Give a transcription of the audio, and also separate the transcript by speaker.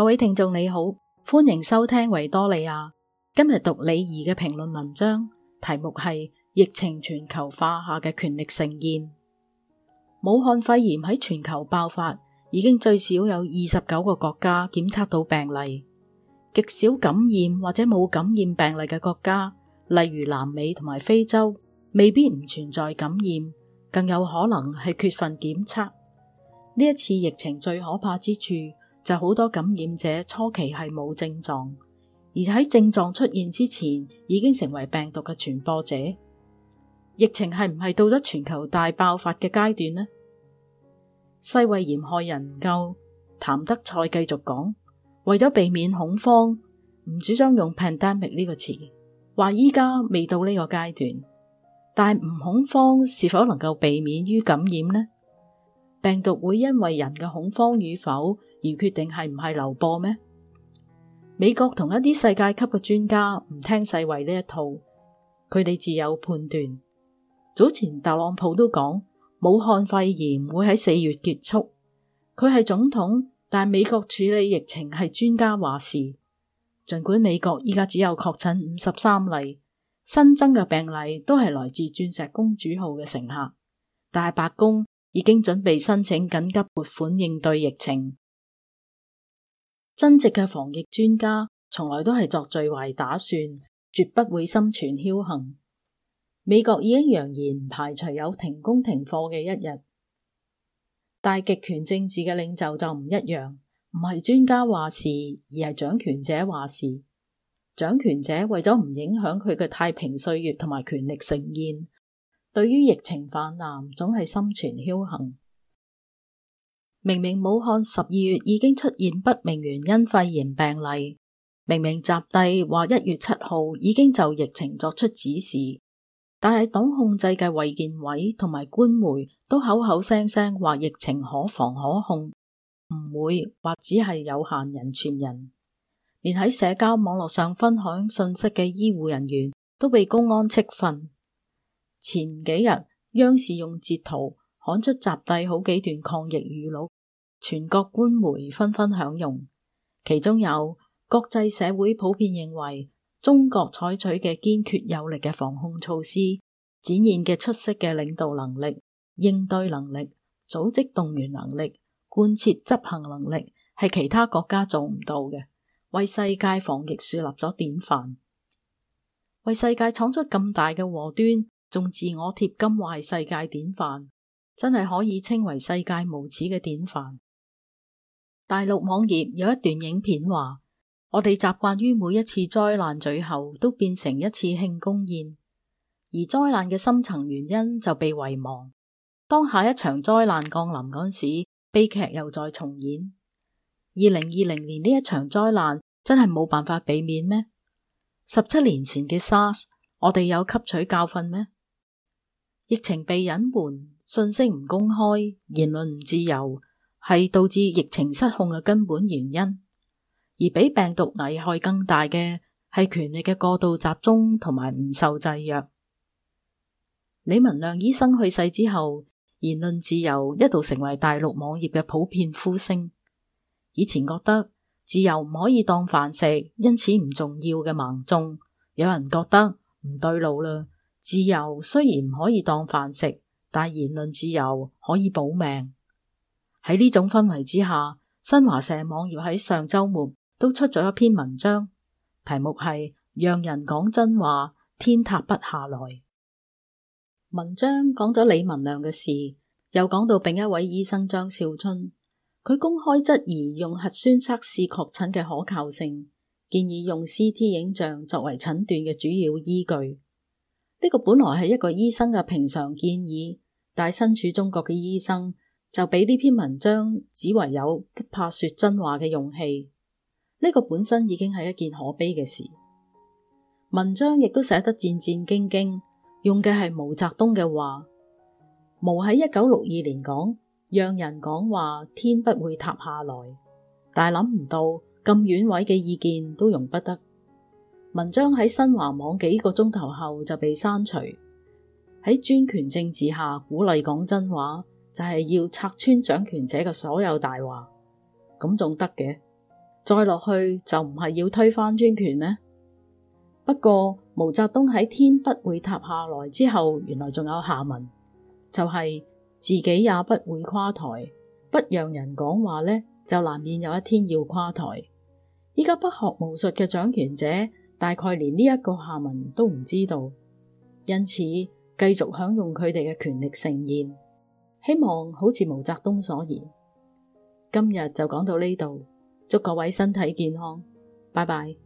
Speaker 1: 各位聽眾你好，歡迎收聽維多利亞今日讀李怡嘅評論文章，題目係疫情全球化下嘅權力盛宴。武漢肺炎喺全球爆發，已經最少有二十九個國家檢測到病例。極少感染或者冇感染病例嘅國家，例如南美同埋非洲，未必唔存在感染，更有可能係缺乏檢測。呢一次疫情最可怕之處。就好多感染者初期係冇症狀，而喺症狀出現之前已經成為病毒嘅傳播者。疫情係唔係到咗全球大爆發嘅階段呢？世衛嫌害人唔夠，譚德賽繼續講，為咗避免恐慌，唔主張用 pandemic 呢個詞，話依家未到呢個階段。但唔恐慌是否能夠避免於感染呢？病毒會因為人嘅恐慌與否？而決定係唔係流播咩？美國同一啲世界級嘅專家唔聽世衛呢一套，佢哋自有判斷。早前特朗普都講武漢肺炎會喺四月結束。佢係總統，但美國處理疫情係專家話事。盡管美國依家只有確診五十三例，新增嘅病例都係來自鑽石公主號嘅乘客，但係白宮已經準備申請緊急撥款應對疫情。真正嘅防疫專家從來都係作最壞打算，絕不會心存僥倖。美國已經揚言唔排除有停工停課嘅一日，大極權政治嘅領袖就唔一樣，唔係專家話事，而係掌權者話事。掌權者為咗唔影響佢嘅太平歲月同埋權力盛宴，對於疫情泛濫總係心存僥倖。明明武漢十二月已經出現不明原因肺炎病例，明明習帝話一月七號已經就疫情作出指示，但係黨控制嘅衛健委同埋官媒都口口聲聲話疫情可防可控，唔會或只係有限人傳人，連喺社交網絡上分享信息嘅醫護人員都被公安斥訓。前幾日央視用截圖。刊出習帝好幾段抗疫語錄，全國官媒紛紛套用。其中有國際社會普遍認為，中國採取嘅堅決有力嘅防控措施，展現嘅出色嘅領導能力、應對能力、組織動員能力、貫徹執行能力，係其他國家做唔到嘅，為世界防疫樹立咗典範，為世界闖出咁大嘅禍端，仲自我貼金，係世界典範。真係可以稱為世界無恥嘅典範。大陸網頁有一段影片話：我哋習慣於每一次災難最後都變成一次慶功宴，而災難嘅深層原因就被遺忘。當下一場災難降臨嗰時，悲劇又再重演。二零二零年呢一場災難真係冇辦法避免咩？十七年前嘅 SARS，我哋有吸取教訓咩？疫情被隱瞞，信息唔公開，言論唔自由，係導致疫情失控嘅根本原因。而比病毒危害更大嘅，係權力嘅過度集中同埋唔受制約。李文亮醫生去世之後，言論自由一度成為大陸網頁嘅普遍呼聲。以前覺得自由唔可以當飯食，因此唔重要嘅盲眾，有人覺得唔對路啦。自由雖然唔可以當飯食，但言論自由可以保命。喺呢種氛圍之下，新華社網頁喺上周末都出咗一篇文章，題目係《讓人講真話，天塌不下來》。文章講咗李文亮嘅事，又講到另一位醫生張少春，佢公開質疑用核酸測試確診嘅可靠性，建議用 CT 影像作為診斷嘅主要依據。呢個本來係一個醫生嘅平常建議，但係身處中國嘅醫生就俾呢篇文章只為有不怕說真話嘅勇氣。呢、這個本身已經係一件可悲嘅事。文章亦都寫得戰戰兢兢，用嘅係毛澤東嘅話。毛喺一九六二年講，讓人講話天不會塌下來，但係諗唔到咁遠位嘅意見都容不得。文章喺新華網幾個鐘頭後就被刪除。喺專權政治下，鼓勵講真話就係、是、要拆穿掌權者嘅所有大話，咁仲得嘅。再落去就唔係要推翻專權咩？不過毛澤東喺天不會塌下來之後，原來仲有下文，就係、是、自己也不會垮台，不讓人講話呢，就難免有一天要垮台。依家不學無術嘅掌權者。大概連呢一個下文都唔知道，因此繼續享用佢哋嘅權力盛宴，希望好似毛澤東所言。今日就講到呢度，祝各位身體健康，拜拜。